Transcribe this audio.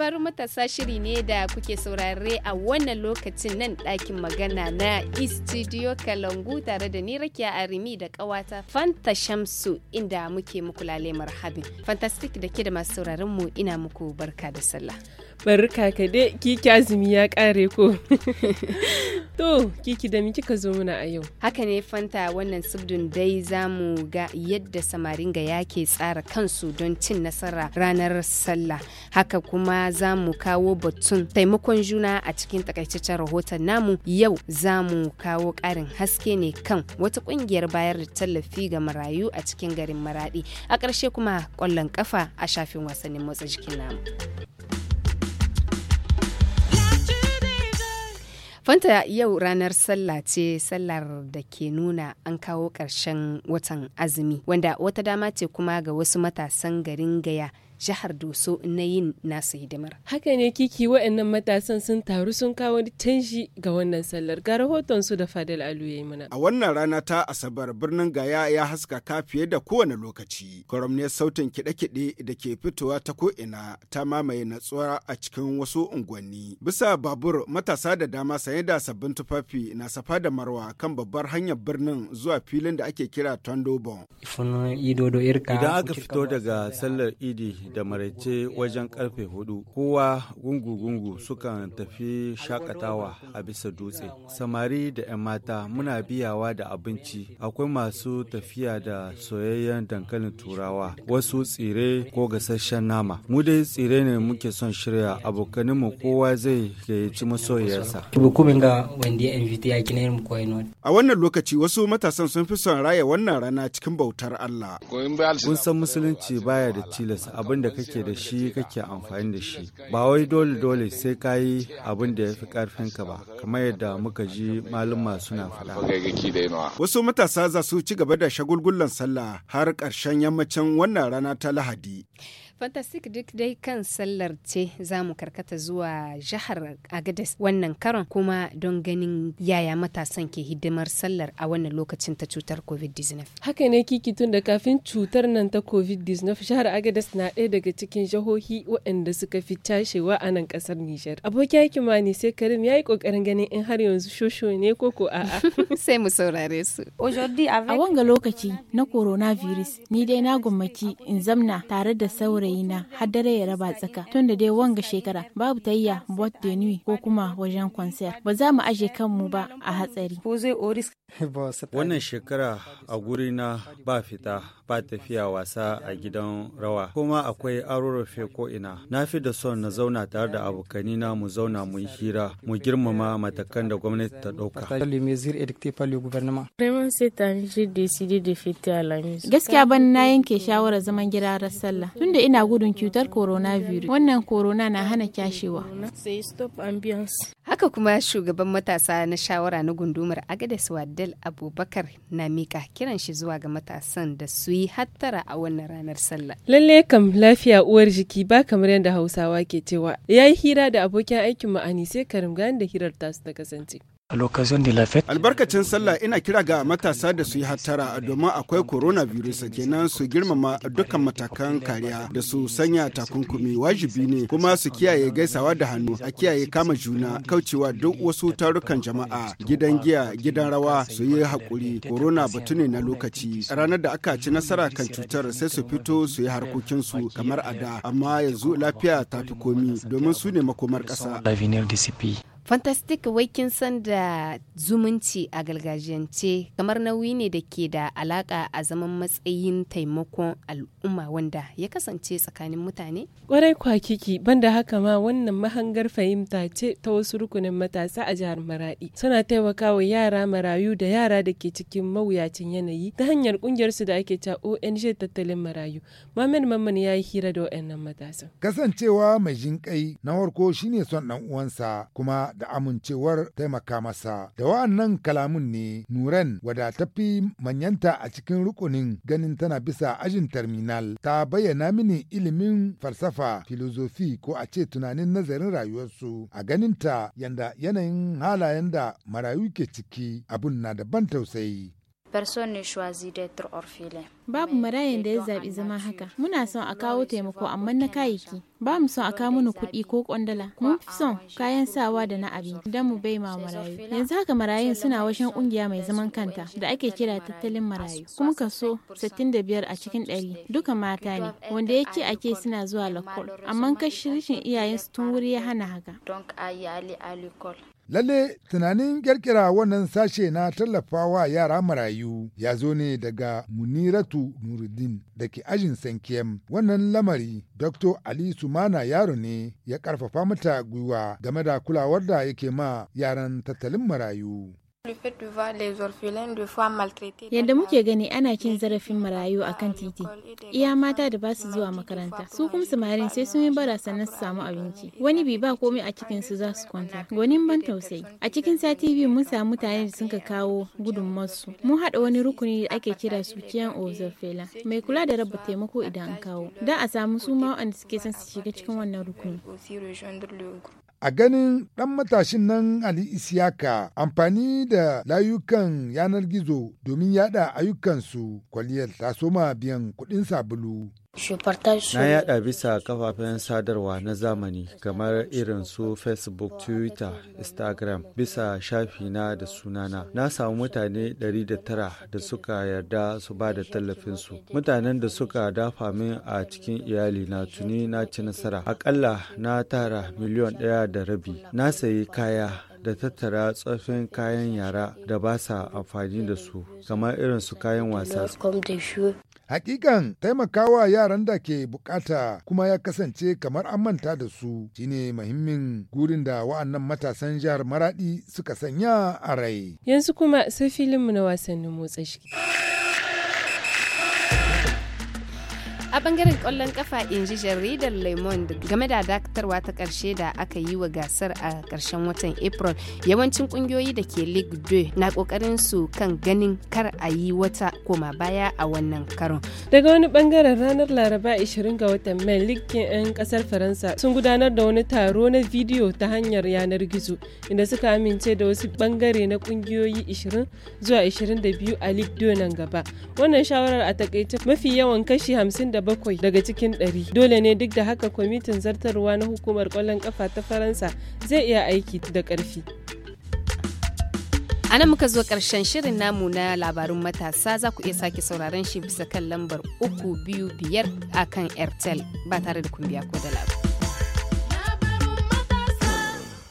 labarin matasa shiri ne da kuke saurare a wannan lokacin nan ɗakin magana na Studio Kalangu tare da ni Rakiya Arimi da ƙawata Fanta Shamsu inda muke muku lale marhabin. Fantastic da ke da masu sauraron mu ina muku barka da sallah. Barka ka dai ki kyazumi ya kare ko. To, kiki da miki ka zo muna a yau. Haka ne fanta wannan subdun dai za mu ga yadda samarin ga yake tsara kansu don cin nasara ranar sallah. Haka kuma za mu kawo batun taimakon juna a cikin takaitaccen rahoton namu yau za mu kawo ƙarin haske ne kan wata kungiyar bayar da tallafi ga marayu a cikin garin Maradi. A ƙarshe kuma ƙwallon ƙafa a shafin wasannin motsa jikin namu. Fanta yau ranar sallah ce sallar da ke nuna an kawo ƙarshen watan azumi wanda wata dama ce kuma ga wasu matasan garin gaya jihar Doso na yin nasu hidimar. Haka ne kiki waɗannan matasan sun taru sun kawo canji ga wannan sallar ga rahoton su da Fadal Alu ya mana. A wannan rana ta Asabar birnin Gaya ya haskaka fiye da kowane lokaci. ne sautin kiɗe-kiɗe da ke fitowa ta ko'ina ta mamaye natsuwa a cikin wasu unguwanni. Bisa babur matasa da dama sayan sanye da sabbin tufafi na safa da marwa kan babbar hanyar birnin zuwa filin da ake kira tondobon idan aka fito daga sallar idi da maraice wajen karfe hudu kowa gungu-gungu sukan tafi shakatawa a bisa dutse samari da 'yan mata muna biyawa da abinci akwai masu tafiya da soyayyen dankalin turawa wasu tsire ko gasasshen nama mu dai tsire ne muke son shirya abokaninmu kowa zai gayyaci masoyiyarsa kumin ga wanda ya invite ya kina yin koyi a wannan lokaci wasu matasan sun fi son raya wannan rana cikin bautar Allah kun san musulunci baya da tilas abin da kake da shi kake amfani da shi ba wai dole dole sai ka yi abin da ya fi karfin ka ba kamar yadda muka ji malama suna faɗa wasu matasa za su ci gaba da shagulgullan sallah har ƙarshen yammacin wannan rana ta Lahadi Fantastic duk dai kan sallar ce za mu karkata zuwa jihar Agadez wannan karon kuma don ganin yaya matasan ke hidimar sallar a wannan lokacin ta cutar COVID-19. Haka ne kiki tun da kafin cutar nan ta COVID-19 jihar Agadez na ɗaya daga cikin jihohi waɗanda suka fi tashewa a nan ƙasar Nijar. Abokin aikin ma ne sai Karim ya yi ƙoƙarin ganin in har yanzu shosho ne ko ko a'a. sai mu saurare su. A wanga lokaci na coronavirus ni dai na gwammaci in zamna tare da saurayi na har dare ya raba tsaka tun da dai wanga shekara babu tayya bot de nuit ko kuma wajen concert ba za mu aje kanmu ba a hatsari oris Wannan shekara a guri na ba fita ba tafiya wasa a gidan rawa kuma akwai arurrufe ko ina. Na fi da son na zauna tare da abokani na mu zauna mu hira mu girmama matakan da gwamnati ta ɗauka. Gaskiya ban na yanke shawarar zaman gida ranar sallah tunda ina gudun cutar coronavirus wannan corona na hana kyashewa. Haka kuma shugaban matasa na shawara na gundumar Agadez Wadda Adel Abubakar na mika kiran shi zuwa ga matasan da su yi hattara a wannan ranar sallah. Lalle kam lafiya uwar jiki ba kamar yadda Hausawa ke cewa. Ya yi hira da abokin aikin mu Anise Karim ga da hirar tasu ta kasance. a lokacin da lafet. Albarkacin sallah ina kira ga matasa da su yi hattara domin akwai coronavirus kenan su girmama dukkan matakan kariya da su sanya takunkumi wajibi ne kuma su kiyaye gaisawa da hannu a kiyaye kama juna kaucewa duk wasu tarukan jama'a gidan giya gidan rawa su yi hakuri corona batu ne na lokaci ranar da aka ci nasara kan cutar sai su fito su yi harkokinsu kamar a da amma yanzu lafiya ta fi komi domin su ne makomar ƙasa. fantastic wai kin da zumunci a gargajiyance kamar nauyi ne da ke da alaka a zaman matsayin taimakon al'umma wanda ya kasance tsakanin mutane kwarai kwakiki banda haka ma wannan mahangar fahimta ce ta wasu rukunin matasa a jihar maradi suna taimakawa yara marayu da yara da ke cikin mawuyacin yanayi ta hanyar kungiyar su da ake ta ONG tattalin marayu Mamman Mamman ya yi hira da waɗannan matasa kasancewa mai jinƙai na farko shine son ɗan uwansa kuma da amincewar taimaka masa. Da wa'annan kalamun ne Nuren wada tafi manyanta a cikin rukunin ganin tana bisa ajin terminal ta bayyana mini ilimin falsafa, filozofi ko a ce tunanin nazarin rayuwarsu a ganinta yanda yanayin halayen da marayu ke ciki abun na da ban tausayi. ne Babu marayan da ya zaɓi zama haka. Muna son a kawo taimako amma na kayayyaki. Ba mu son a kawo mana kuɗi ko kwandala. Mun fi son kayan sawa da na abin, don mu bai ma marayu. Yanzu haka marayun suna washen ƙungiya mai zaman kanta da ake kira tattalin marayu. Kuma kaso 65 a cikin 100 duka mata ne wanda yake ake suna zuwa lakol. Amma kashi rashin iyayensu tun wuri ya hana haka. Lalle tunanin kirkira wannan sashe na tallafawa yara marayu ya zo ne daga Muniratu Nuruddin da ke ajin Sankiyam. Wannan lamari Dr. Ali Sumana yaro ne ya karfafa mata gwiwa game da kulawar da yake ma yaran tattalin marayu. Yadda muke gani ana cin zarafin marayu a kan titi, iya mata da ba su zuwa makaranta, su kuma samarin sai sun yi bara sannan su samu abinci. Wani bi ba komai a cikin su za su kwanta, gonin ban tausayi. A cikin sati biyu mun samu mutane da suka kawo gudunmarsu. Mun haɗa wani rukuni da ake kira su kiyan ozofela, mai kula da raba taimako idan an kawo. Da a samu su ma suke son su shiga cikin wannan rukuni. A ganin ɗan matashin nan Ali Isiyaka amfani da layukan yanar gizo domin yada ayyukansu kwaliyar ta soma biyan kuɗin sabulu. Na yada bisa kafafen sadarwa na zamani kamar irin su Facebook, Twitter, Instagram bisa shafina da sunana. Na samu mutane 109 da suka yarda su ba da tallafinsu. Mutanen da suka dafa min a cikin iyali na tuni na ci nasara. Akalla na tara miliyon ɗaya da rabi. Na sayi kaya da tattara tsoffin kayan yara da ba sa amfani da su kamar irin su kayan wasa. Hakikan taimakawa yaran da ke bukata kuma ya kasance kamar an manta da su shine muhimmin gurin da wa'annan matasan jihar Maradi suka sanya a rai. Yanzu kuma sai filinmu na wasannin motsa shi. a bangaren kwallon kafa in ji jaridar lemon game da dakatarwa ta karshe da aka yi wa gasar a karshen watan april yawancin kungiyoyi da ke league de na kokarin su kan ganin kar a yi wata koma baya a wannan karon daga wani bangaren ranar laraba 20 ga watan mai league 'yan kasar faransa sun gudanar da wani taro na bidiyo ta hanyar yanar gizo inda suka amince da wasu bangare na kungiyoyi 20 zuwa 22 a league nan gaba wannan shawarar a takaice mafi yawan kashi 57 bakwai daga cikin ɗari dole ne duk da haka kwamitin zartarwa na hukumar kwallon ƙafa ta faransa zai iya aiki da ƙarfi A nan muka zo ƙarshen shirin namu na labarun matasa za ku iya sake sauraron shi bisa kan lambar uku biyu biyar a kan Airtel ba tare da kun biya ko da labar.